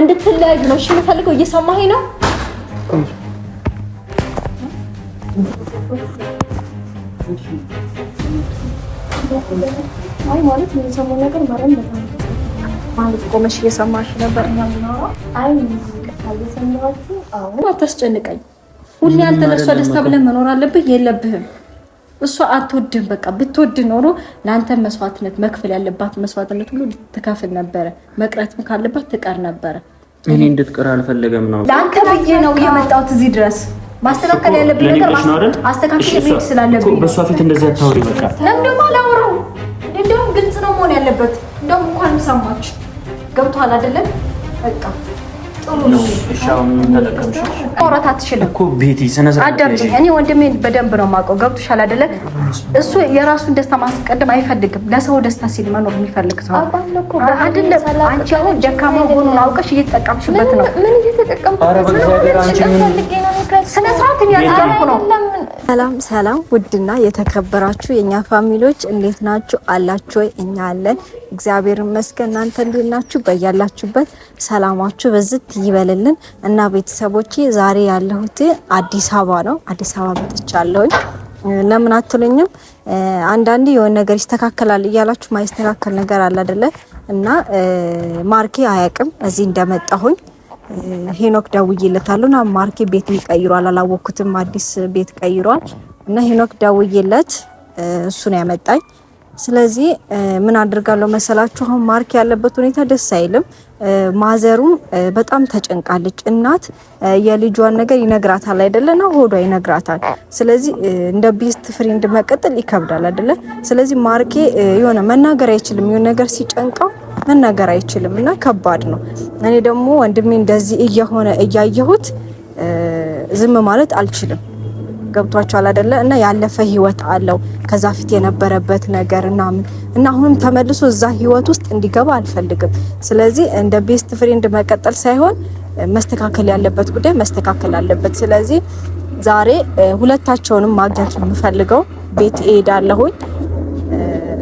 እንድትለያዩ ነው እሺ የምፈልገው። እየሰማኸኝ ነው? ማለት ቆመሽ እየሰማሽ ነበር አይ አሁን አታስጨንቀኝ። ሁሌ አንተ ለእሷ ደስታ ብለህ መኖር አለብህ የለብህም እሷ አትወድህም። በቃ ብትወድ ኖሮ ለአንተ መስዋዕትነት መክፈል ያለባት መስዋዕትነት ሁሉ ትከፍል ነበረ። መቅረትም ካለባት ትቀር ነበረ። እኔ እንድትቀር አልፈለገም ነው። ለአንተ ብዬ ነው የመጣሁት እዚህ ድረስ። ማስተካከል ያለብኝ ነገር ማስተካከል ስላለብኝ በእሷ ፊት እንደዚህ አታወሪ። በቃ ለምደሞ አላወራው። እንደውም ግልጽ ነው መሆን ያለበት። እንደውም እንኳንም ሰማች። ገብቷል አይደለም? በቃ ማውራት አትችልም እኮ ቤቲ። አዳምጪኝ፣ እኔ ወንድሜን በደንብ ነው የማውቀው። ገብቶሻል አይደለ? እሱ የራሱን ደስታ ማስቀደም አይፈልግም። ለሰው ደስታ ሲል መኖር የሚፈልግ ሰው አይደለም። አንቺ አሁን ደካማ ሆኑን አውቀሽ እየተጠቀምሽበት ነው። ምን እየተጠቀምሽ ነው? ስነ ስርዓትን ያልኩ ነው ሰላም ሰላም፣ ውድና የተከበራችሁ የእኛ ፋሚሊዎች እንዴት ናችሁ? አላችሁ ወይ? እኛ አለን እግዚአብሔር ይመስገን። እናንተ እንዴት ናችሁ? በያላችሁበት ሰላማችሁ በዝት ይበልልን እና ቤተሰቦቼ፣ ዛሬ ያለሁት አዲስ አበባ ነው። አዲስ አበባ መጥቻለሁኝ። ለምን አትሉኝም? አንዳንድ የሆነ ነገር ይስተካከላል እያላችሁ ማይስተካከል ነገር አለ አይደለ? እና ማርኬ አያውቅም እዚህ እንደመጣሁኝ ሄኖክ ደውዬለታለሁ ና ማርኬ ቤት ይቀይሯል፣ አላወቅኩትም። አዲስ ቤት ቀይሯል እና ሄኖክ ደውዬለት እሱ ነው ያመጣኝ። ስለዚህ ምን አድርጋለሁ መሰላችሁ? አሁን ማርኬ ያለበት ሁኔታ ደስ አይልም። ማዘሩም በጣም ተጨንቃለች። እናት የልጇን ነገር ይነግራታል አይደለ? ና ሆዷ ይነግራታል። ስለዚህ እንደ ቤስት ፍሬንድ መቀጠል ይከብዳል አይደለ? ስለዚህ ማርኬ የሆነ መናገር አይችልም የሆነ ነገር ሲጨንቀው መናገር አይችልም እና ከባድ ነው። እኔ ደግሞ ወንድሜ እንደዚህ እየሆነ እያየሁት ዝም ማለት አልችልም። ገብቷቸዋል አይደለ? እና ያለፈ ህይወት አለው ከዛ ፊት የነበረበት ነገር ምናምን እና አሁንም ተመልሶ እዛ ህይወት ውስጥ እንዲገባ አልፈልግም። ስለዚህ እንደ ቤስት ፍሬንድ መቀጠል ሳይሆን መስተካከል ያለበት ጉዳይ መስተካከል አለበት። ስለዚህ ዛሬ ሁለታቸውንም ማግኘት የምፈልገው። ቤት እሄዳለሁኝ።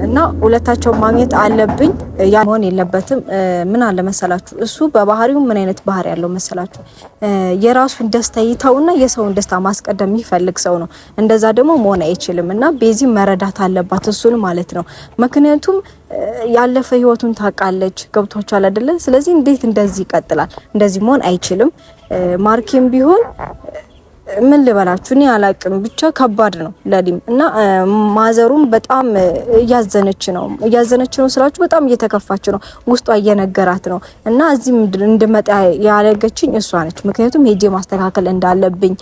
እና ሁለታቸውን ማግኘት አለብኝ። ያ መሆን የለበትም። ምን አለ መሰላችሁ፣ እሱ በባህሪው ምን አይነት ባህሪ ያለው መሰላችሁ፣ የራሱን ደስታ ይተውና የሰውን ደስታ ማስቀደም የሚፈልግ ሰው ነው። እንደዛ ደግሞ መሆን አይችልም። እና ቤዚ መረዳት አለባት እሱን ማለት ነው። ምክንያቱም ያለፈ ህይወቱን ታውቃለች። ገብቷችኋል አይደለ? ስለዚህ እንዴት እንደዚህ ይቀጥላል? እንደዚህ መሆን አይችልም። ማርኬም ቢሆን ምን ልበላችሁ እኔ አላቅም። ብቻ ከባድ ነው ለዲም እና ማዘሩም በጣም እያዘነች ነው። እያዘነች ነው ስላችሁ በጣም እየተከፋች ነው፣ ውስጧ እየነገራት ነው። እና እዚህ እንድመጣ ያደረገችኝ እሷ ነች። ምክንያቱም ሄጄ ማስተካከል እንዳለብኝ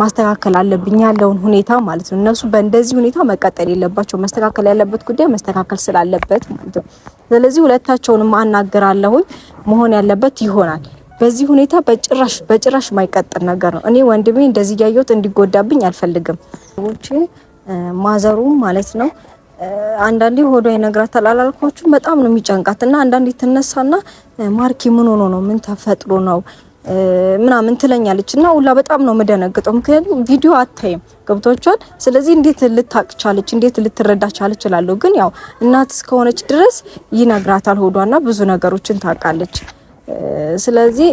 ማስተካከል አለብኝ ያለውን ሁኔታ ማለት ነው። እነሱ በእንደዚህ ሁኔታ መቀጠል የለባቸው። መስተካከል ያለበት ጉዳይ መስተካከል ስላለበት ማለት ነው። ስለዚህ ሁለታቸውንም አናገራለሁኝ መሆን ያለበት ይሆናል። በዚህ ሁኔታ በጭራሽ በጭራሽ የማይቀጥል ነገር ነው። እኔ ወንድሜ እንደዚህ እያየሁት እንዲጎዳብኝ አልፈልግም። ሰዎች ማዘሩ ማለት ነው አንዳንዴ ሆዷ ይነግራታል አላልኳችሁም? በጣም ነው የሚጨንቃት እና አንዳንዴ ትነሳና ማርኪ ምን ሆኖ ነው ምን ተፈጥሮ ነው ምናምን ትለኛለች እና ሁላ በጣም ነው የምደነግጠው። ምክንያቱም ቪዲዮ አታይም ገብቷቸዋል። ስለዚህ እንዴት ልታቅ ቻለች? እንዴት ልትረዳ ቻለች? እላለሁ ግን ያው እናት እስከሆነች ድረስ ይነግራታል ሆዷና ብዙ ነገሮችን ታውቃለች። ስለዚህ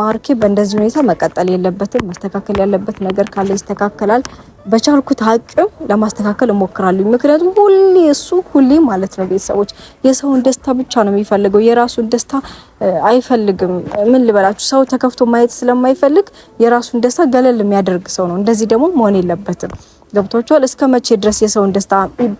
ማርኬ በእንደዚህ ሁኔታ መቀጠል የለበትም። መስተካከል ያለበት ነገር ካለ ይስተካከላል። በቻልኩት አቅም ለማስተካከል እሞክራለሁ። ምክንያቱም ሁሌ እሱ ሁሌ ማለት ነው ቤተሰቦች የሰውን ደስታ ብቻ ነው የሚፈልገው፣ የራሱን ደስታ አይፈልግም። ምን ልበላችሁ፣ ሰው ተከፍቶ ማየት ስለማይፈልግ የራሱን ደስታ ገለል የሚያደርግ ሰው ነው። እንደዚህ ደግሞ መሆን የለበትም። ገብቷቸዋል። እስከ መቼ ድረስ የሰውን ደስታ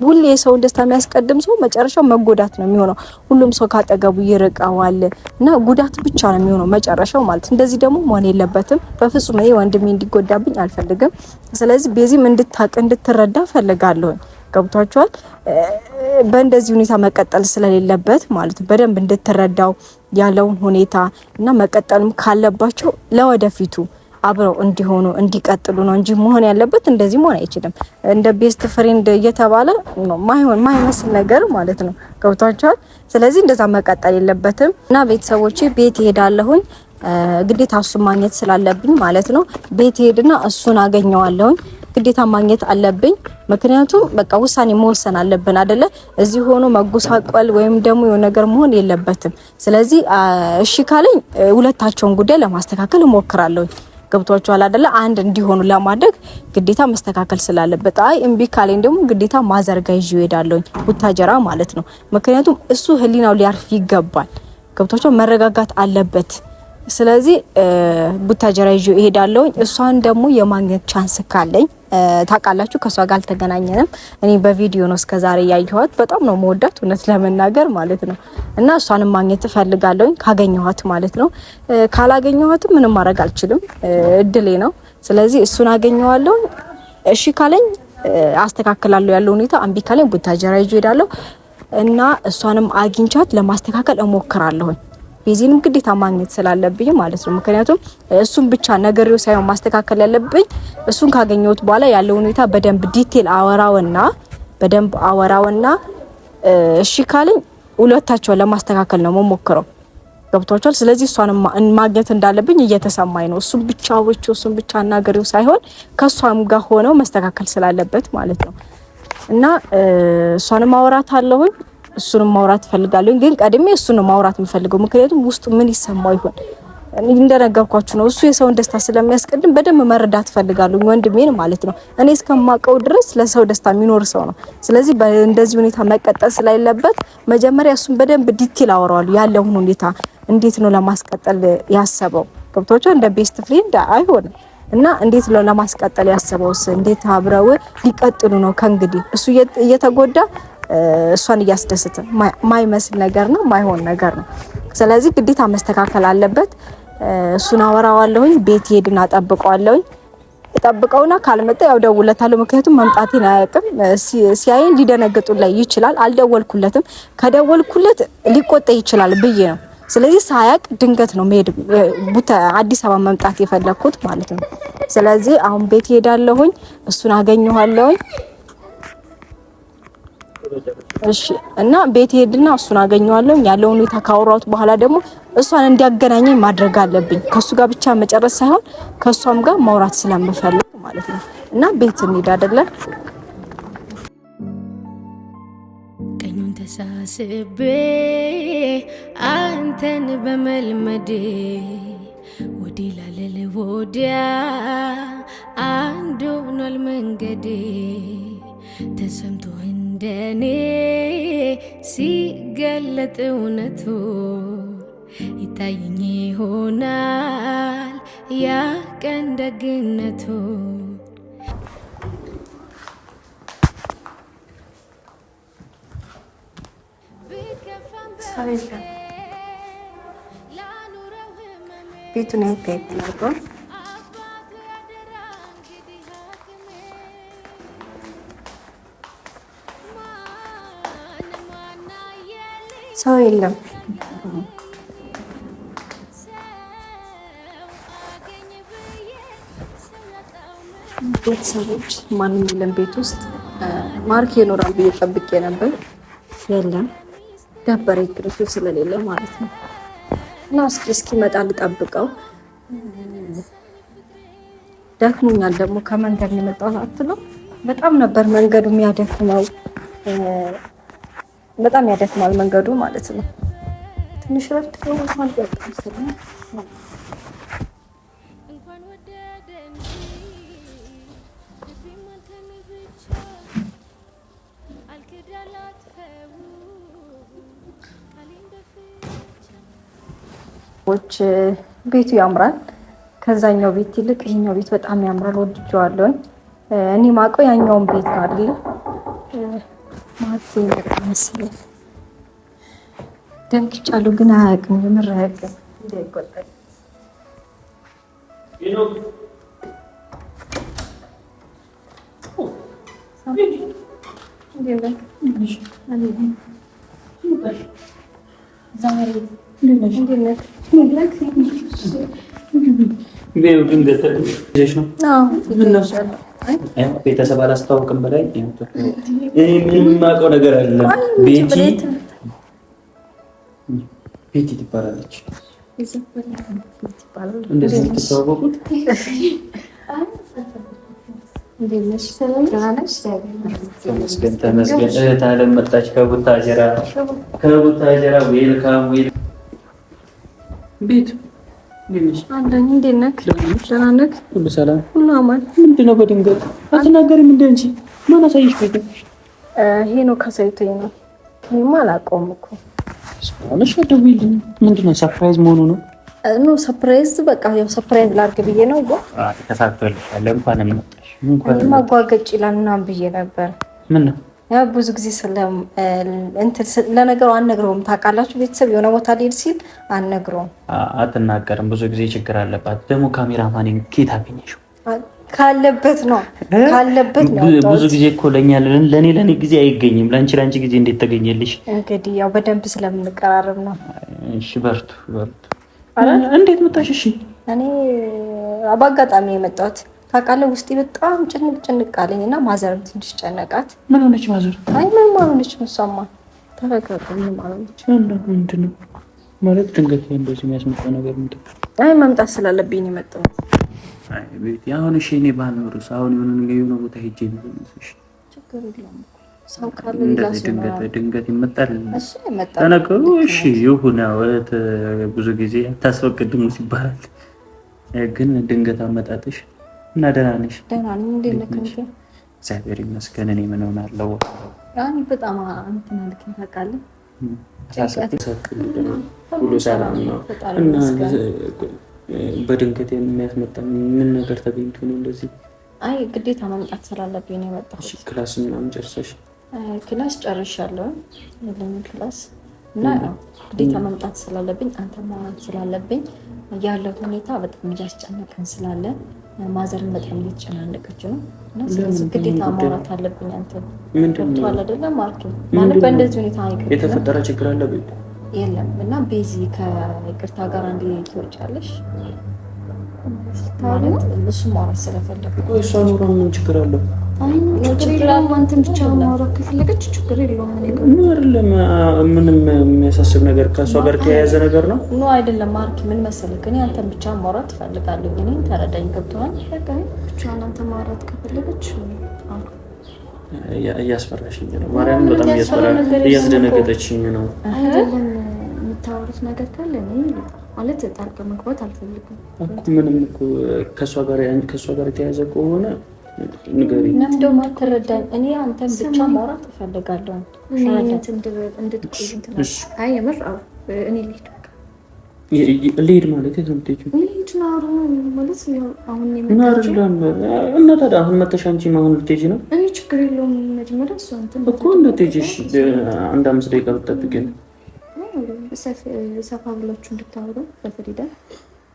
ሁሌ የሰውን ደስታ የሚያስቀድም ሰው መጨረሻው መጎዳት ነው የሚሆነው። ሁሉም ሰው ካጠገቡ ይርቀዋል እና ጉዳት ብቻ ነው የሚሆነው መጨረሻው ማለት። እንደዚህ ደግሞ መሆን የለበትም በፍጹም። ይሄ ወንድሜ እንዲጎዳብኝ አልፈልግም። ስለዚህ ቤዚም እንድታቅ እንድትረዳ ፈልጋለሁኝ። ገብቷቸዋል። በእንደዚህ ሁኔታ መቀጠል ስለሌለበት ማለት በደንብ እንድትረዳው ያለውን ሁኔታ እና መቀጠልም ካለባቸው ለወደፊቱ አብረው እንዲሆኑ እንዲቀጥሉ ነው እንጂ መሆን ያለበት እንደዚህ መሆን አይችልም። እንደ ቤስት ፍሬንድ እየተባለ ማይሆን ማይመስል ነገር ማለት ነው። ገብቷቸዋል። ስለዚህ እንደዛ መቀጠል የለበትም እና ቤተሰቦቼ ቤት ይሄዳለሁኝ ግዴታ እሱን ማግኘት ስላለብኝ ማለት ነው። ቤት ሄድና እሱን አገኘዋለሁኝ። ግዴታ ማግኘት አለብኝ። ምክንያቱም በቃ ውሳኔ መወሰን አለብን አደለ? እዚህ ሆኖ መጎሳቆል ወይም ደግሞ የሆነ ነገር መሆን የለበትም። ስለዚህ እሺ ካለኝ ሁለታቸውን ጉዳይ ለማስተካከል እሞክራለሁኝ። ገብቷቸዋል አደለ? አንድ እንዲሆኑ ለማድረግ ግዴታ መስተካከል ስላለበት፣ አይ እምቢ ካለኝ ደግሞ ግዴታ ማዘርጋ ይዤ እሄዳለሁ፣ ቡታጀራ ማለት ነው። ምክንያቱም እሱ ህሊናው ሊያርፍ ይገባል። ገብቷቸው መረጋጋት አለበት። ስለዚህ ቡታጀራ ይዤ እሄዳለሁኝ። እሷን ደግሞ የማግኘት ቻንስ ካለኝ ታውቃላችሁ፣ ከእሷ ጋር አልተገናኘንም። እኔ በቪዲዮ ነው እስከዛሬ ያየኋት። በጣም ነው መወዳት እውነት ለመናገር ማለት ነው። እና እሷንም ማግኘት እፈልጋለሁኝ ካገኘኋት ማለት ነው። ካላገኘኋትም ምንም ማድረግ አልችልም፣ እድሌ ነው። ስለዚህ እሱን አገኘዋለሁ። እሺ ካለኝ አስተካክላለሁ ያለው ሁኔታ፣ እምቢ ካለኝ ቡታጀራ ይዤ እሄዳለሁ እና እሷንም አግኝቻት ለማስተካከል እሞክራለሁኝ። ቤዚንም ግዴታ ማግኘት ስላለብኝ ማለት ነው። ምክንያቱም እሱን ብቻ ነገሬው ሳይሆን ማስተካከል ያለብኝ እሱን ካገኘሁት በኋላ ያለው ሁኔታ በደንብ ዲቴል አወራውና በደንብ አወራውና እሺ ካለኝ ሁለታቸውን ለማስተካከል ነው መሞክረው። ገብቷቸዋል። ስለዚህ እሷን ማግኘት እንዳለብኝ እየተሰማኝ ነው። እሱን ብቻ ወጪ እሱን ብቻ አናገሪው ሳይሆን ከእሷም ጋር ሆነው መስተካከል ስላለበት ማለት ነው እና እሷንም አወራት አለሁኝ እሱንም ማውራት እፈልጋለሁ፣ ግን ቀድሜ እሱን ማውራት የምፈልገው። ምክንያቱም ውስጡ ምን ይሰማው ይሆን እንደነገርኳችሁ ነው። እሱ የሰውን ደስታ ስለሚያስቀድም በደንብ መረዳት እፈልጋለሁ፣ ወንድሜን ማለት ነው። እኔ እስከማውቀው ድረስ ለሰው ደስታ የሚኖር ሰው ነው። ስለዚህ እንደዚህ ሁኔታ መቀጠል ስለሌለበት መጀመሪያ እሱን በደንብ ዲቴል አወራዋለሁ፣ ያለውን ሁኔታ እንዴት ነው ለማስቀጠል ያሰበው ገብቶቹ እንደ ቤስት ፍሬንድ አይሆንም እና እንዴት ነው ለማስቀጠል ያሰበውስ እንዴት አብረው ሊቀጥሉ ነው ከእንግዲህ እሱ እየተጎዳ እሷን እያስደስት ማይመስል ነገር ነው፣ ማይሆን ነገር ነው። ስለዚህ ግዴታ መስተካከል አለበት። እሱን አወራዋለሁኝ፣ ቤት ሄድና ጠብቀዋለሁኝ። ጠብቀውና ካልመጣ ያው ደውለታለሁ። ምክንያቱም መምጣቴን አያውቅም። ሲያይን ሊደነግጡ ይችላል። አልደወልኩለትም። ከደወልኩለት ሊቆጣ ይችላል ብዬ ነው። ስለዚህ ሳያቅ ድንገት ነው መሄድ አዲስ አበባ መምጣት የፈለግኩት ማለት ነው። ስለዚህ አሁን ቤት ሄዳለሁኝ፣ እሱን አገኘኋለሁኝ። እሺ። እና ቤት ሄድና እሱን አገኘዋለሁ። ያለውን ሁኔታ ካወራሁት በኋላ ደግሞ እሷን እንዲያገናኘኝ ማድረግ አለብኝ። ከሱ ጋር ብቻ መጨረስ ሳይሆን ከእሷም ጋር ማውራት ስለምፈልግ ማለት ነው። እና ቤት እንሂድ አይደለም ቀኙን ተሳስቤ አንተን በመልመዴ ወዲ ላለል ወዲያ አንድ ሆኗል መንገዴ ተሰምቶ ለኔ ሲገለጥ እውነቱ ይታይኝ ይሆናል ያ ቀን ደግነቱ። ቤቱን ሰው የለም። ቤተሰቦች ማንም የለም። ቤት ውስጥ ማርክ ይኖራል ብዬ ጠብቄ ነበር፣ የለም። ደበረኝ ግርሱ ስለሌለ ማለት ነው። እና እስኪ እስኪመጣ ልጠብቀው፣ ደክሞኛል። ደግሞ ከመንገድ የመጣሁት አትለው በጣም ነበር መንገዱ የሚያደክመው። በጣም ያደክማል መንገዱ ማለት ነው። ትንሽ ረፍት ከሆኗል ቤቱ ያምራል። ከዛኛው ቤት ይልቅ ይሄኛው ቤት በጣም ያምራል። ወድጀዋለሁኝ። እኔ ማውቀው ያኛውን ቤት ነው አይደለም መሰለኝ ደንግጫለሁ፣ ግን አያውቅም። የምር አያውቅም። እንዳይቆጠል ነው ቤተሰብ አላስተዋውቅም በላይ የማውቀው ነገር አለ። ቤቲ ትባላለች። እንደዚህ የምትተዋወቁት ተመስገን ተመስገን። እህት አለም መጣች ከቡታጀራ ከቡታጀራ። ዌልካም ቤቱ እንዴት ነህ? ደህና ነህ? ሁሉ ሰላም፣ ሁሉ አማን። ምንድን ነው በድንገት አትናገሪም? እንደ እንጂ ማን አሳየሽ? ቤት ይሄ ነው ከሳይቶኝ ነው። እኔማ አላውቀውም እኮ ስራነሽ። ደውይልኝ። ምንድን ነው ሰርፕራይዝ መሆኑ ነው? ኖ ሰርፕራይዝ፣ በቃ ያው ሰርፕራይዝ ላድርግ ብዬ ነው። ተሳክቶልሻል። እንኳን መጣሽ። እንኳን ማጓገጭ ይላል ምናምን ብዬ ነበር። ምን ነው ያው ብዙ ጊዜ ለነገሩ አነግረውም ታውቃላችሁ ቤተሰብ የሆነ ቦታ ሊሄድ ሲል አንነግረውም። አትናገርም። ብዙ ጊዜ ችግር አለባት። ደግሞ ካሜራማኔን ኬት አገኘሽው? ካለበት ነው ካለበት ነው። ብዙ ጊዜ እኮ ለእኛ ለእኔ ለእኔ ጊዜ አይገኝም። ለአንቺ ለአንቺ ጊዜ እንዴት ተገኘልሽ? እንግዲህ ያው በደንብ ስለምንቀራረብ ነው። እሺ በርቱ በርቱ። እንዴት መጣሽ? እሺ እኔ በአጋጣሚ የመጣሁት ታውቃለህ ውስጤ በጣም ጭንቅ ጭንቅ አለኝ እና ማዘርም ትንሽ ጨነቃት። ምን ሆነች ማዘር? አይ ምን አልሆነችም። እሷማ ተረጋጋ፣ ምንም አልሆነችም። ምንድን ነው ማለት ድንገት እንደዚህ የሚያስመጣ ነገር ምንድን አይ መምጣት ስላለብኝ ነው የመጣሁት። አሁን እሺ፣ እኔ ባልኖር አሁን የሆነ ነገር የሆነ ቦታ ሄጄ ነሽ። ችግር የለውም ሰው ካለ ሌላ ድንገት ይመጣል ተነገሩ። እሺ ይሁን፣ ብዙ ጊዜ አታስፈቅድም ሲባላል፣ ግን ድንገት አመጣጥሽ እና ደህና ነሽ? ደህና ነኝ። እንዴት ነህ? እግዚአብሔር ይመስገን። እኔ ምን ሆናለሁ? አሁን በጣም እንትን አልከኝ ታውቃለህ። ሁሉ ሰላም ነው እና በድንገት የሚያስመጣ ምን ነገር ተገኝቶ ነው እንደዚህ? አይ ግዴታ መምጣት ስላለብኝ ነው የመጣሁት። ክላስ ምናምን ጨርሰሽ? ክላስ ጨርሻለሁ። ለምን ክላስ እና ግዴታ መምጣት ስላለብኝ አንተ ማዋል ስላለብኝ ያለው ሁኔታ በጣም እያስጨነቀን ስላለ ማዘርን በጣም እየተጨናነቀች ነው እና ስለዚህ ግዴታ ማውራት አለብኝ። አንተ ገብቶሃል አይደለ? ማለት በእንደዚህ ሁኔታ የተፈጠረ ችግር አለ የለም እና ቤዚ ከይቅርታ ጋር አንድ ትወጫለሽ ማለት እሱ ማውራት ስለፈለግ እሷ ኑሮ ምን ችግር አለው? ችግር ምንም የሚያሳስብ ነገር ከእሷ ጋር የተያያዘ ነገር ነው ኖ አይደለም። ማርክ ምን መሰልክ፣ እኔ አንተን ብቻ ማውራት ትፈልጋለሁ። እኔ ተረዳኝ፣ ገብተዋል። ብቻ አንተ ማውራት ከፈለገች እያስፈራሽኝ ነው ማርያም፣ በጣም እያስደነገጠችኝ ነው። አይደለም የምታወሩት ነገር ካለ ማለት ጣልቃ መግባት አልፈልግም። ምንም ከእሷ ጋር የተያያዘ ከሆነ ለምን ደግሞ አትረዳኝ? እኔ አንተን ብቻ ማውራት እፈልጋለሁ። ልሄድ ማለት እና ታዲያ አሁን መተሽ አንቺ አሁን ልትሄጂ ነው? እኔ ችግር የለውም መጀመሪያ እኮ እንድትሄጂ አንድ አምስት ደቂቃ ሰፋ ብላችሁ እንድታወሩ በፍሪዳ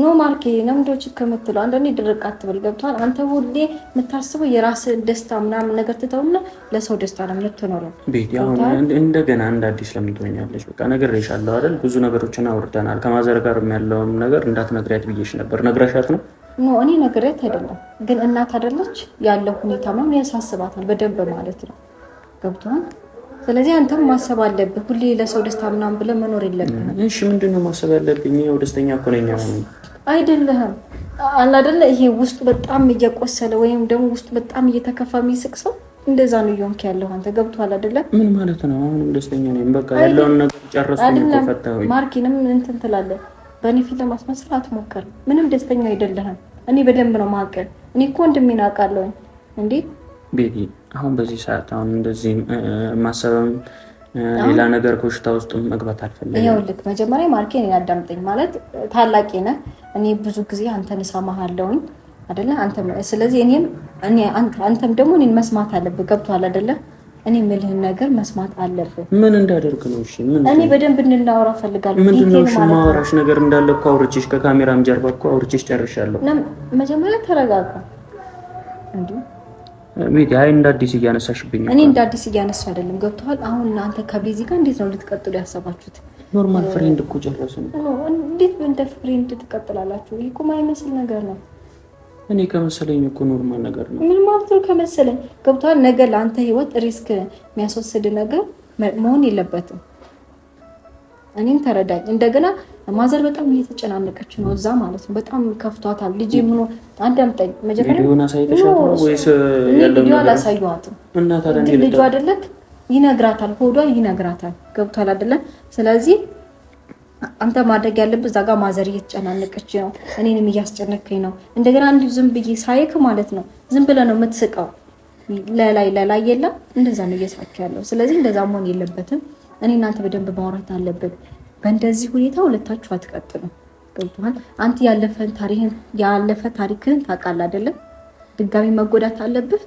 ኖ ማርኬ ነምዶች ከምትለው አንዳንዴ ድርቅ አትበል። ገብቷል። አንተ ሁሌ የምታስበው የራስ ደስታ ምናምን ነገር ትተውና ለሰው ደስታ ነው የምትኖረው። ቤቲ አሁን እንደገና እንደ አዲስ ለምን ትሆኛለሽ? በቃ ነግሬሻለሁ አይደል? ብዙ ነገሮችን አውርተናል። ከማዘር ጋር ያለውም ነገር እንዳትነግሪያት ብዬሽ ነበር። ነግረሻት ነው? ኖ እኔ ነግሬያት አይደለም፣ ግን እናት አይደለች ያለው ሁኔታ ምናምን ያሳስባታል በደንብ ማለት ነው። ገብቷል። ስለዚህ አንተም ማሰብ አለብህ። ሁሌ ለሰው ደስታ ምናምን ብለህ መኖር የለብህም። እሺ ምንድን ነው ማሰብ ያለብኝ? ያው ደስተኛ እኮ ነኝ አሁን አይደለህም አላደለ ይሄ ውስጡ በጣም እየቆሰለ ወይም ደግሞ ውስጡ በጣም እየተከፋ የሚስቅ ሰው እንደዛ ነው እየሆንክ ያለው አንተ። ገብቶሃል አይደለ? ምን ማለት ነው? አሁንም ደስተኛ ነኝ። በቃ ያለውን ነገር ጨረስኩኝ እኮ ፈታሁኝ። ማርኪንም እንትን ትላለህ። በእኔ ፊት አትሞክር። ምንም ደስተኛ አይደለህም። እኔ በደንብ ነው ማቀል። እኔ እኮ ወንድሜን አውቃለሁኝ። እንዴ ቤቲ፣ አሁን በዚህ ሰዓት አሁን እንደዚህ ማሰብም ሌላ ነገር ኮሽታ ውስጥ መግባት አልፈለግም። ልክ መጀመሪያ ማርኬ እኔን አዳምጠኝ። ማለት ታላቂ ነህ፣ እኔ ብዙ ጊዜ አንተን እሰማሃለሁኝ አደለ? ስለዚህ እኔም አንተም ደግሞ እኔን መስማት አለብህ። ገብቶሃል አደለ? እኔ የምልህን ነገር መስማት አለብህ። ምን እንዳደርግ ነው? እሺ እኔ በደንብ እንድናወራ እፈልጋለሁ። ምንድነው ማወራሽ ነገር እንዳለ እኮ አውርቼሽ፣ ከካሜራም ጀርባ እኮ አውርቼሽ ጨርሻለሁ። መጀመሪያ ተረጋጋ እንዲሁ ቤቲ አይ እንደ አዲስ እያነሳሽብኝ እኔ እንደ አዲስ እያነሳ አይደለም። ገብተዋል። አሁን እናንተ ከቤዚ ጋር እንዴት ነው ልትቀጥሉ ያሰባችሁት? ኖርማል ፍሬንድ እኮ ጨረሱ። እንዴት እንደ ፍሬንድ ትቀጥላላችሁ? ይሄ እኮ ማይመስል ነገር ነው። እኔ ከመሰለኝ እኮ ኖርማል ነገር ነው። ምን ማለት ነው ከመሰለኝ? ገብተዋል። ነገ ለአንተ ህይወት ሪስክ የሚያስወስድ ነገር መሆን የለበትም። እኔም ተረዳኝ እንደገና ማዘር በጣም እየተጨናነቀች ነው እዛ ማለት ነው። በጣም ከፍቷታል። ልጅ ምኖ አዳምጠኝ መጀመሪያ ቪዲዮ ይነግራታል፣ ሆዷ ይነግራታል። ገብቷል አይደለም? ስለዚህ አንተ ማድረግ ያለብህ እዛ ጋር ማዘር እየተጨናነቀች ነው፣ እኔንም እያስጨነከኝ ነው። እንደገና እንዲሁ ዝም ብዬ ሳይክ ማለት ነው ዝም ብለህ ነው የምትስቀው። ለላይ ለላይ የለም እንደዛ ነው እየሳቸው ያለው። ስለዚህ እንደዛ መሆን የለበትም። እኔ እናንተ በደንብ ማውራት አለብን። በእንደዚህ ሁኔታ ሁለታችሁ አትቀጥሉም። ገብቶሃል? አንተ ያለፈ ታሪክህን ታውቃለህ አይደለም? ድጋሚ መጎዳት አለብህ?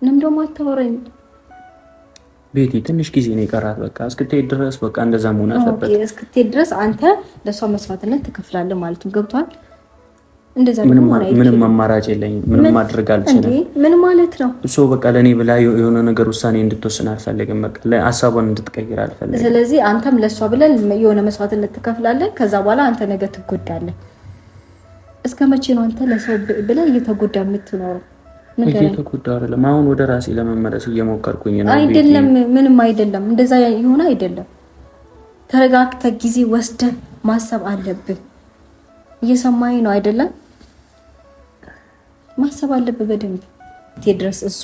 ምንም ደግሞ አታወራኝ። ቤቲ ትንሽ ጊዜ ነው የቀራት። በቃ እስክትሄድ ድረስ በቃ እንደዛ መሆን አለበት። እስክትሄድ ድረስ አንተ ለእሷ መስዋዕትነት ትከፍላለህ ማለት ነው። ገብቶሃል? ምንም አማራጭ የለኝም። ምንም ማድረግ አልችልም። ምን ማለት ነው? እሱ በቃ ለእኔ ብላ የሆነ ነገር ውሳኔ እንድትወስን አልፈልግም። ሀሳቧን እንድትቀይር አልፈልግም። ስለዚህ አንተም ለእሷ ብለን የሆነ መስዋዕትነት ትከፍላለን። ከዛ በኋላ አንተ ነገር ትጎዳለን። እስከ መቼ ነው አንተ ለሰው ብለ እየተጎዳ የምትኖረው? እየተጎዳ አይደለም። አሁን ወደ ራሴ ለመመለስ እየሞከርኩኝ ነው። አይደለም፣ ምንም አይደለም። እንደዛ የሆነ አይደለም። ተረጋግተህ ጊዜ ወስደን ማሰብ አለብን። እየሰማኝ ነው አይደለም? ማሰብ አለብ በደንብ ቴድረስ እሷ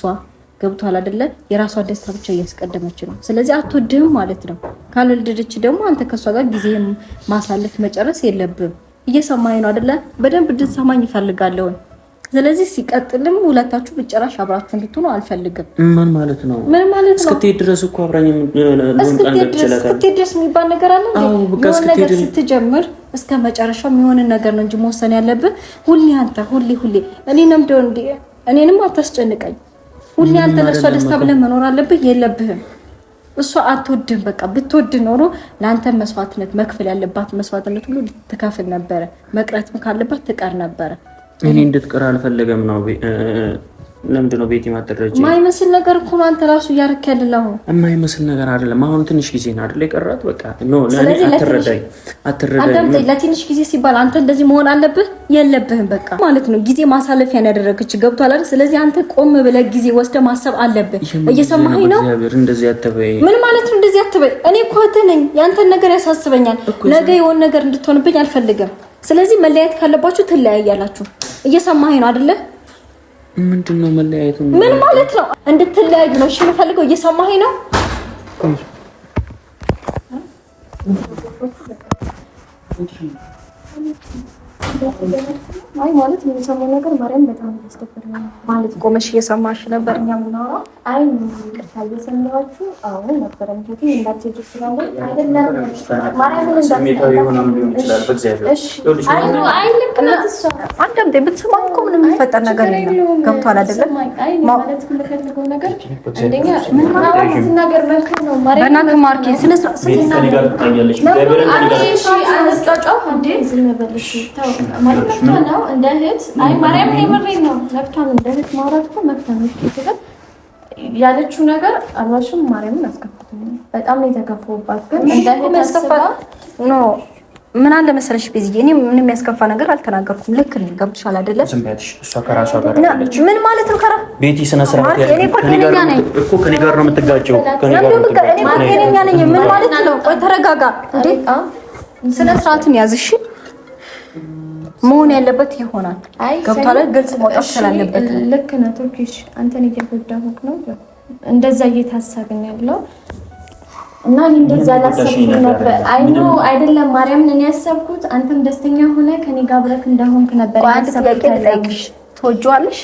ገብቷል አደለ የራሷ ደስታ ብቻ እያስቀደመች ነው። ስለዚህ አትወድህም ማለት ነው። ካልወለደች ደግሞ አንተ ከእሷ ጋር ጊዜ ማሳለፍ መጨረስ የለብም። እየሰማኝ ነው አደለ በደንብ እንድትሰማኝ ይፈልጋለውን። ስለዚህ ሲቀጥልም ሁለታችሁ ብጨራሽ አብራችሁ እንድትሆኑ አልፈልግም። ምን ማለት ነው? ምን ማለት ነው? እስክትሄድ ድረስ እኮ አብራኝ እስክትሄድ ድረስ የሚባል ነገር አለ። ነገር ስትጀምር እስከ መጨረሻው የሚሆንን ነገር ነው እንጂ መወሰን ያለብህ ሁሌ አንተ ሁሌ ሁሌ እኔንም ደው እንዲ እኔንም አታስጨንቀኝ። ሁሌ አንተ ለእሷ ደስታ ብለህ መኖር አለብህ የለብህም። እሷ አትወድህም። በቃ ብትወድ ኖሮ ለአንተ መስዋዕትነት መክፈል ያለባት መስዋዕትነት ሁሉ ትከፍል ነበረ። መቅረትም ካለባት ትቀር ነበረ። እኔ እንድትቀር አልፈለገም ነው ለምንድን ነው ቤት የማትደረጅ? የማይመስል ነገር እኮ ነው አንተ ራሱ እያደረክ ያለኸው የማይመስል ነገር አይደለም። አሁን ትንሽ ጊዜ ነው አይደለ የቀራት? በቃ አትረዳኝ፣ አትረዳኝ። ለትንሽ ጊዜ ሲባል አንተ እንደዚህ መሆን አለብህ የለብህም፣ በቃ ማለት ነው ጊዜ ማሳለፊያን ያደረገች ገብቷል አይደል? ስለዚህ አንተ ቆም ብለህ ጊዜ ወስደህ ማሰብ አለብህ። እየሰማኸኝ ነው? ምን ማለት ነው እንደዚህ አትበይ። እኔ እኮ አንተ ነኝ፣ ያንተን ነገር ያሳስበኛል። ነገ የሆን ነገር እንድትሆንብኝ አልፈልግም። ስለዚህ መለያየት ካለባችሁ ትለያያላችሁ። እየሰማኸኝ ነው አይደለ? ምንድን ነው መለያየቱ? ምን ማለት ነው? እንድትለያዩ ነው እሺ የምፈልገው። እየሰማኸኝ ነው? አይ ማለት የሚሰማው ነገር ማርያም በጣም ያስደብር ማለት ቆመሽ እየሰማሽ ነበር እኛ የምናወራው። አይ ቅርታ እየሰማችሁ አዎ ነበር ምክንያቱም እንዳትሄጂ ስላለ አይደለም ማርያምን ስሜታዊ የሆነም ሊሆን ይችላል። በእግዚአብሔር አንዳንዴ ብትሰማም እኮ ምንም የሚፈጠር ነገር የለም። ገብቷል አይደለም ማለት የምፈልገው ነገር አንደኛ ምን ማለት ነገር መልካም ነው። በእናትህ ማርኬ ስነ ስርዓት ስናገር እንደ እህት አይ ማርያም የምሬ ነው። መብቷን ያለችው ነገር አልዋሽም። ማርያምን አስከፍተኝ በጣም ነው የተከፈውባት። ግን እንደ ምን አለ መሰለሽ ቤዝዬ፣ እኔ ምንም ያስከፋ ነገር አልተናገርኩም። ልክ ነው። ገብቶሻል አይደለ? ምን ማለት ነው? ከራ ቤቲ ስነ ስርዓት ምን ማለት ነው? ያዝሽ መሆን ያለበት ይሆናል። ገብቷል። ግልጽ መውጣት ስላለበት ልክ ነህ። ቱርኪሽ አንተን እየጎዳሁህ ነው። እንደዛ እየታሰብን ያለው እና እንደዛ ላሰብኩ ነበር። አይ ኖ አይደለም ማርያም እኔ ያሰብኩት አንተም ደስተኛ ሆነ ከኔ ጋር ብረክ እንደሆንክ ነበር። አንድ ጥያቄ ልጠይቅሽ፣ ትወጂዋለሽ?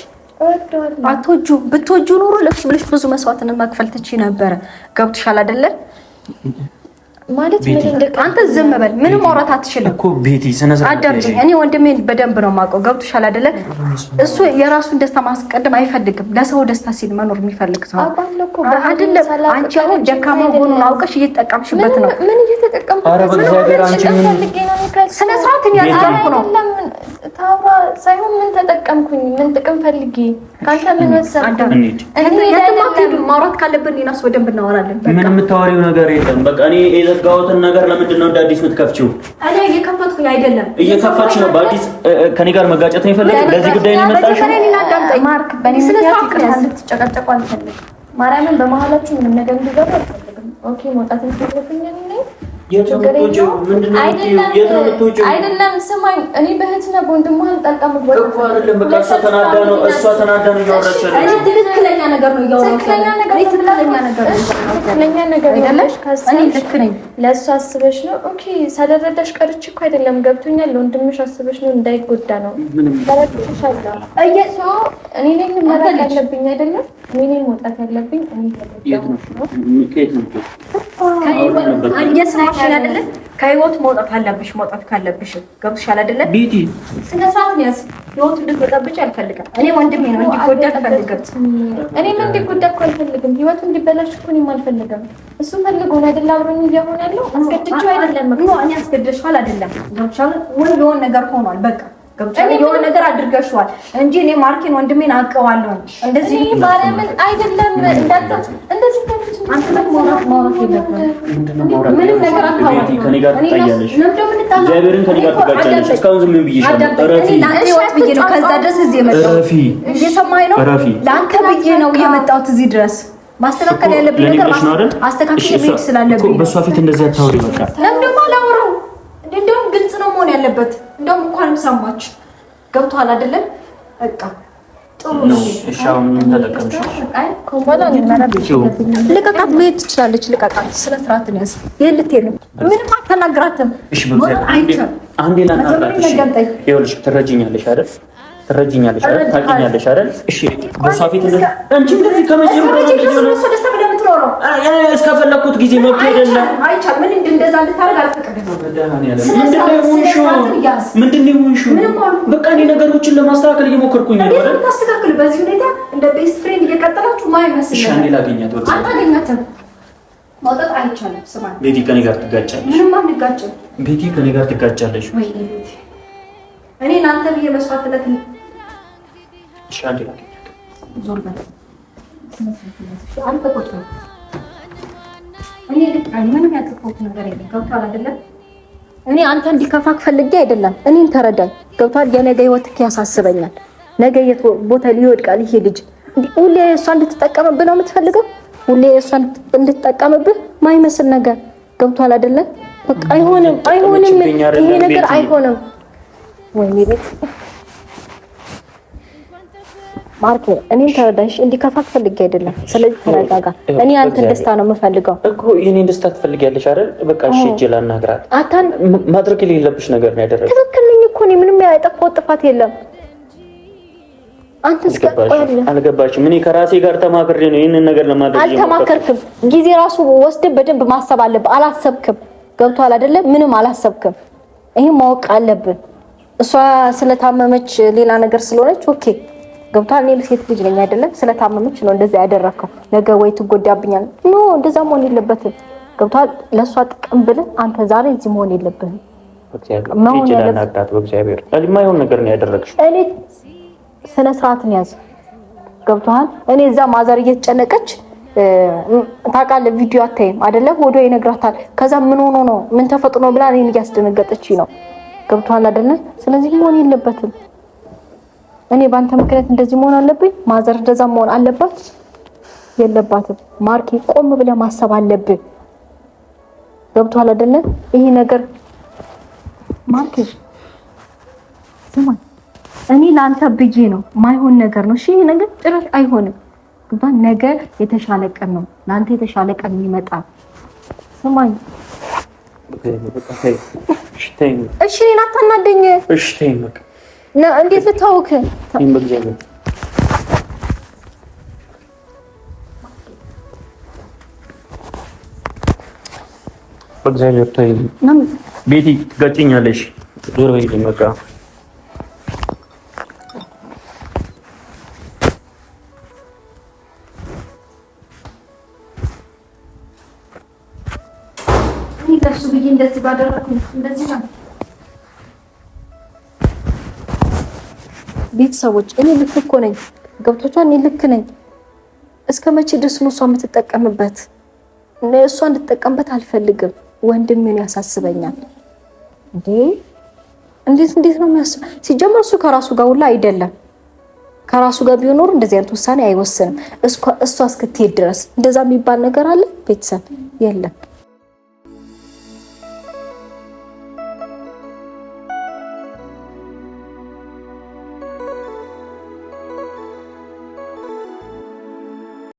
አትወጂው? ብትወጂው ኖሮ ለሱ ብለሽ ብዙ መስዋዕትን መክፈል ትቺ ነበረ። ገብቶሻል አይደለም? ማለት ምን እንደቃ አንተ ዝም በል፣ ምንም ማውራት አትችልም እኮ ቤቲ። አዳምጪኝ፣ እኔ ወንድሜን በደንብ ነው የማውቀው። ገብቶሻል አይደለ? እሱ የራሱን ደስታ ማስቀደም አይፈልግም። ለሰው ደስታ ሲል መኖር የሚፈልግ ሰው አይደለም። አንቺ አሁን ደካማ ጎኑን አውቀሽ እየተጠቀምሽበት ነው። ምን እየተጠቀምኩ ነው? ስነ ስርዓት እያዘጋኩ ነው ታባ ሳይሆን ምን ተጠቀምኩኝ? ምን ጥቅም ፈልጌ ከአንተ ምን ወሰድኩ? ማውራት ካለብን እኔናስ በደንብ እናወራለን። ምን የምታወሪው ነገር የለም። በቃ እኔ የዘጋሁትን ነገር ለምንድን ነው እንደ አዲስ የምትከፍቺው? እኔ እየከፈትኩኝ አይደለም። እየከፈትሽ ነው። በአዲስ ከኔ ጋር መጋጨት ነው የፈለግሽ? ለዚህ ጉዳይ ነው የመጣሽው? ማርክ፣ በእኔ ልትጨቀጨቁ አልፈልግም። ማርያምን በመሀላችሁ ምንም ነገር እንዲገባ አልፈልግም። ኦኬ መውጣት ንፈልግኝ አይደለም ስማኝ፣ እኔ በእህትና በወንድም አልጠቀምም እኮ ትክክለኛ ነገር ነው አስበሽ ነው። ኦኬ፣ ሳልረዳሽ ቀርቼ እኮ አይደለም፣ ገብቶኛል። ለወንድምሽ አስበሽ ነው፣ እንዳይጎዳ ነው። እኔ መራቅ ያለብኝ አይደለም። እኔ መውጣት ያለብኝ። ገብቶሻል አይደለ? ከህይወት መውጣት አለብሽ። መውጣት ካለብሽ ገብቶሻል አይደለ? ቤቲ ስነ ስርዓቱን ያዝ። ህይወቱ እንድትበጣብጭ አልፈልግም። እኔ ወንድሜ ነው፣ እንዲጎዳ አልፈልግም። እኔም እንዲጎዳ እኮ አልፈልግም። ህይወቱ እንዲበላሽ እኮ እኔም አልፈልግም። እሱ ፈልጎ ነው አይደለ? አብሮኝ እየሆነ ያለው አስገድቼው አይደለም። እኔ አስገድቼዋል አይደለም። ገብቶሻል? ወንድ ለሆነ ነገር ሆኗል በቃ ገብቻለሁ። የሆነ ነገር አድርገሽዋል እንጂ እኔ ማርኬን ወንድሜን አውቀዋለሁ። እንደዚህ ማርያምን አይደለም እንደዚህ አንተ ማውራት ማውራት ምንም ነገር ከኔ ጋር ከኔ ጋር እስካሁን ዝም ብዬሽ ነው ከዛ ድረስ እዚህ የመጣሁት ነው። ለአንተ ብዬ ነው የመጣሁት እዚህ ድረስ ማስተካከል ያለብኝ ነገር አስተካክል የሚል ስላለብኝ በእሷ ፊት እንደዚህ አታውሪ። በቃ ለምን ደግሞ አላወራሁም? እንደውም ግልጽ ነው መሆን ያለበት እንኳንም ሰማችሁ። ገብቶሃል አይደለም? በቃ ልቀቃት፣ መሄድ ትችላለች። ልቀቃት፣ ስነ ልትሄድ ነው። ምንም አታናግራትም። አንዴ ይኸውልሽ አይደል? አይደል? ታውቂኛለሽ አይደል? እሺ ፊት እንደዚህ ከመጀመሪያ ነው እስከፈለኩት ጊዜ በቃ እኔ ነገሮችን ለማስተካከል እየሞከርኩኝ ነው። ታስተካክል። በዚህ ሁኔታ እንደ ቤስት ፍሬንድ እየቀጠላችሁ አታገኛትም። ቤቲ ከኔ ጋር ትጋጫለሽ። ምንም ጋር ትጋጫለሽ። እኔ እናንተ ብዬ መስዋዕትነት ዞር በል እኔ አንተ እንዲከፋክ ፈልጌ አይደለም። እኔን ተረዳኝ። ገብቷል? የነገ ህይወት ያሳስበኛል። ነገ የት ቦታ ሊወድቃል ይሄ ልጅ? ሁሌ እሷ እንድትጠቀምብህ ነው የምትፈልገው። ሁሌ እሷ እንድትጠቀምብህ ማይመስል ነገር ገብቷል አይደለም? በቃ አይሆንም፣ አይሆንም። ይሄ ነገር አይሆንም። ወይኔ ቤት ማርክ እኔን ተረዳሽ። እንዲከፋ ፈልጌ አይደለም። ስለዚህ ተረጋጋ። እኔ አንተን ደስታ ነው የምፈልገው እኮ የኔን ደስታ ትፈልጊያለሽ አይደል? በቃ እሺ፣ እጄ ላናግራት። አታን ማድረግ የሌለብሽ ነገር ነው ያደረግ። ትክክል ነኝ እኮ እኔ ምንም ያጠፋው ጥፋት የለም። አንተ አልገባሽም። እኔ ከራሴ ጋር ተማክሬ ነው ይህንን ነገር ለማድረግ። አልተማከርክም። ጊዜ ራሱ ወስደህ በደንብ ማሰብ አለብህ። አላሰብክም። ገብቶሃል አይደለ? ምንም አላሰብክም። ይህም ማወቅ አለብን። እሷ ስለታመመች ሌላ ነገር ስለሆነች ኦኬ ገብቷል። እኔም ሴት ልጅ ነኝ አይደለም? ስለታመመች ነው እንደዛ ያደረግከው። ነገ ወይ ትጎዳብኛል። ኖ እንደዛ መሆን የለበትም። ገብቷል። ለእሷ ጥቅም ብለን አንተ ዛሬ እዚህ መሆን የለብህም። የማይሆን ነገር ነው ያደረግሽው። እኔ ስነ ስርዓትን ያዝ። ገብቶሃል። እኔ እዛ ማዘር እየተጨነቀች ታውቃለህ፣ ቪዲዮ አታይም አይደለም? ወዶ ይነግራታል። ከዛ ምን ሆኖ ነው ምን ተፈጥኖ ብላ እኔን እያስደነገጠች ነው። ገብቷል አይደለም? ስለዚህ መሆን የለበትም። እኔ በአንተ ምክንያት እንደዚህ መሆን አለብኝ፣ ማዘር እንደዛ መሆን አለባት የለባትም። ማርኪ ቆም ብለህ ማሰብ አለብን። ገብቶሃል አይደለ? ይሄ ነገር ማርኪ ስማ፣ እኔ ለአንተ ብዬ ነው። ማይሆን ነገር ነው። እሺ፣ ይሄ ነገር ጭራሽ አይሆንም። ግን ነገ የተሻለ ቀን ነው፣ ለአንተ የተሻለ ቀን ይመጣል። ስማኝ እሺ፣ እኔን አታናደኝ። እሺ፣ ተይኝ በቃ እንዴት ልታውክ በእግዚአብሔር ተይ፣ ቤቲ ትጋጭኛለሽ። ዞር በይ በቃ። እንደዚህ ባደረኩ እንደዚህ ነው። ቤተሰቦች እኔ ልክ እኮ ነኝ፣ ገብቶቿ እኔ ልክ ነኝ። እስከ መቼ ድረስ ነው እሷ የምትጠቀምበት? እሷ እንድትጠቀምበት አልፈልግም። ወንድሜን ያሳስበኛል። እንዴት እንዴት ነው የሚያስ ሲጀመር እሱ ከራሱ ጋር ሁላ አይደለም። ከራሱ ጋር ቢኖር እንደዚህ አይነት ውሳኔ አይወስንም። እሷ እስክትሄድ ድረስ እንደዛ የሚባል ነገር አለ ቤተሰብ የለም።